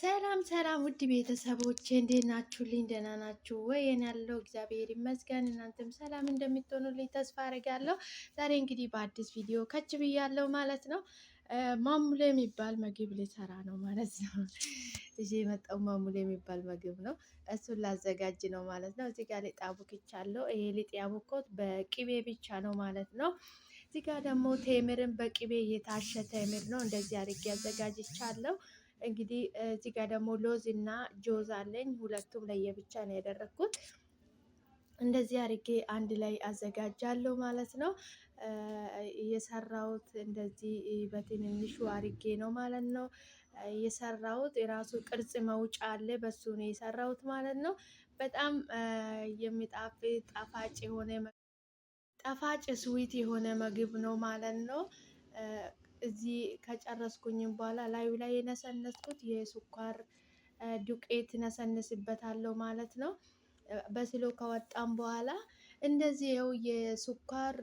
ሰላም ሰላም ውድ ቤተሰቦች እንዴት ናችሁልኝ? ደህና ናችሁ ወይ? እኔ ያለው እግዚአብሔር ይመስገን፣ እናንተም ሰላም እንደምትሆኑልኝ ተስፋ አደርጋለሁ። ዛሬ እንግዲህ በአዲስ ቪዲዮ ከች ብያለሁ ማለት ነው። ማሙሌ የሚባል ምግብ ልሰራ ነው ማለት ነው። እዚህ የመጣው ማሙሌ የሚባል ምግብ ነው። እሱን ላዘጋጅ ነው ማለት ነው። እዚህ ጋር ሊጥ አቡክቻለሁ። ይሄ ሊጥ ያቡኮት በቅቤ ብቻ ነው ማለት ነው። እዚህ ጋር ደግሞ ቴምርን በቅቤ የታሸ ቴምር ነው። እንደዚህ አድርጌ አዘጋጅቻለሁ። እንግዲህ እዚህ ጋር ደግሞ ሎዝ እና ጆዝ አለኝ። ሁለቱም ለየብቻ ነው ያደረግኩት። እንደዚህ አድርጌ አንድ ላይ አዘጋጃለሁ ማለት ነው። የሰራሁት እንደዚህ በትንንሹ አድርጌ ነው ማለት ነው የሰራሁት። የራሱ ቅርጽ መውጫ አለ፣ በሱ ነው የሰራሁት ማለት ነው። በጣም የሚጣፍ ጣፋጭ የሆነ ጣፋጭ ስዊት የሆነ ምግብ ነው ማለት ነው። እዚህ ከጨረስኩኝም በኋላ ላዩ ላይ የነሰነስኩት የስኳር ዱቄት ነሰንስበታለሁ ማለት ነው። በስሎ ከወጣም በኋላ እንደዚህ ይኸው የስኳር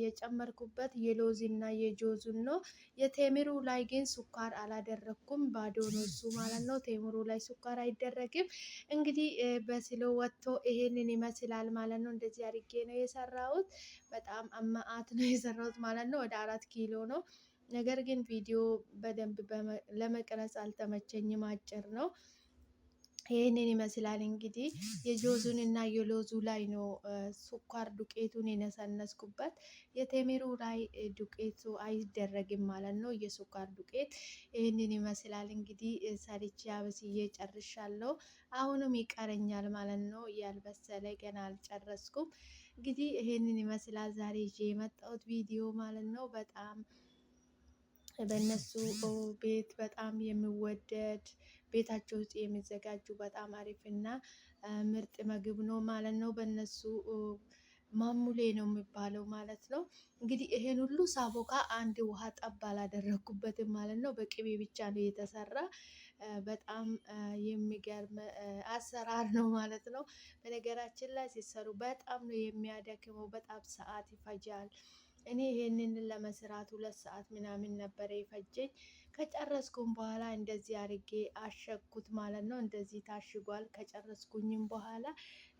የጨመርኩበት የሎዝና የጆዙን ነው። የቴምሩ ላይ ግን ስኳር አላደረግኩም፣ ባዶ ነው እሱ ማለት ነው። ቴምሩ ላይ ስኳር አይደረግም። እንግዲህ በስሎ ወጥቶ ይሄንን ይመስላል ማለት ነው። እንደዚህ አድርጌ ነው የሰራሁት። በጣም መዓት ነው የሰራሁት ማለት ነው። ወደ አራት ኪሎ ነው ነገር ግን ቪዲዮ በደንብ ለመቅረጽ አልተመቸኝም፣ አጭር ነው። ይህንን ይመስላል እንግዲህ የጆዙን እና የሎዙ ላይ ነው ስኳር ዱቄቱን የነሰነስኩበት። የቴምሩ ላይ ዱቄቱ አይደረግም ማለት ነው፣ የስኳር ዱቄት ይህንን ይመስላል እንግዲህ። ሰርቼ አብስዬ ጨርሻለሁ። አሁንም ይቀረኛል ማለት ነው፣ ያልበሰለ ገና አልጨረስኩም። እንግዲህ ይህንን ይመስላል ዛሬ ይዤ የመጣሁት ቪዲዮ ማለት ነው በጣም በእነሱ ቤት በጣም የሚወደድ ቤታቸው ውስጥ የሚዘጋጁ በጣም አሪፍ እና ምርጥ ምግብ ነው ማለት ነው። በእነሱ ማሙሌ ነው የሚባለው ማለት ነው። እንግዲህ ይሄን ሁሉ ሳቦካ አንድ ውሃ ጠብ አላደረኩበትም ማለት ነው። በቅቤ ብቻ ነው የተሰራ በጣም የሚገርም አሰራር ነው ማለት ነው። በነገራችን ላይ ሲሰሩ በጣም ነው የሚያደክመው በጣም ሰዓት ይፈጃል እኔ ይሄንን ለመስራት ሁለት ሰዓት ምናምን ነበረ የፈጀኝ። ከጨረስኩም በኋላ እንደዚህ አርጌ አሸኩት ማለት ነው። እንደዚህ ታሽጓል። ከጨረስኩኝም በኋላ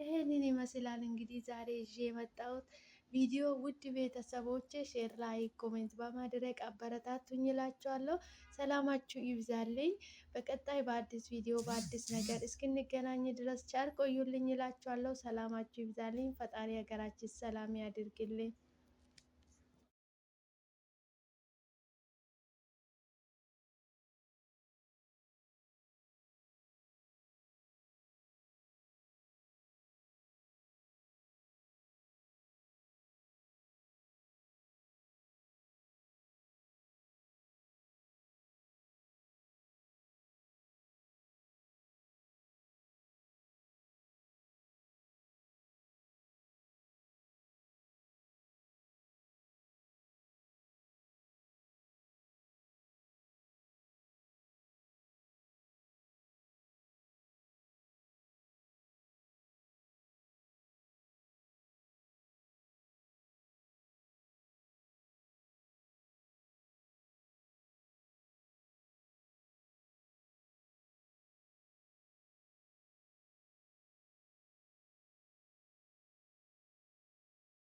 ይሄንን ይመስላል እንግዲህ ዛሬ ይዤ የመጣሁት ቪዲዮ። ውድ ቤተሰቦች ሼር፣ ላይክ፣ ኮሜንት በማድረግ አበረታቱኝ እላችኋለሁ። ሰላማችሁ ይብዛልኝ። በቀጣይ በአዲስ ቪዲዮ በአዲስ ነገር እስክንገናኝ ድረስ ቻል ቆዩልኝ እላችኋለሁ። ሰላማችሁ ይብዛልኝ። ፈጣሪ ሀገራችን ሰላም ያድርግልኝ።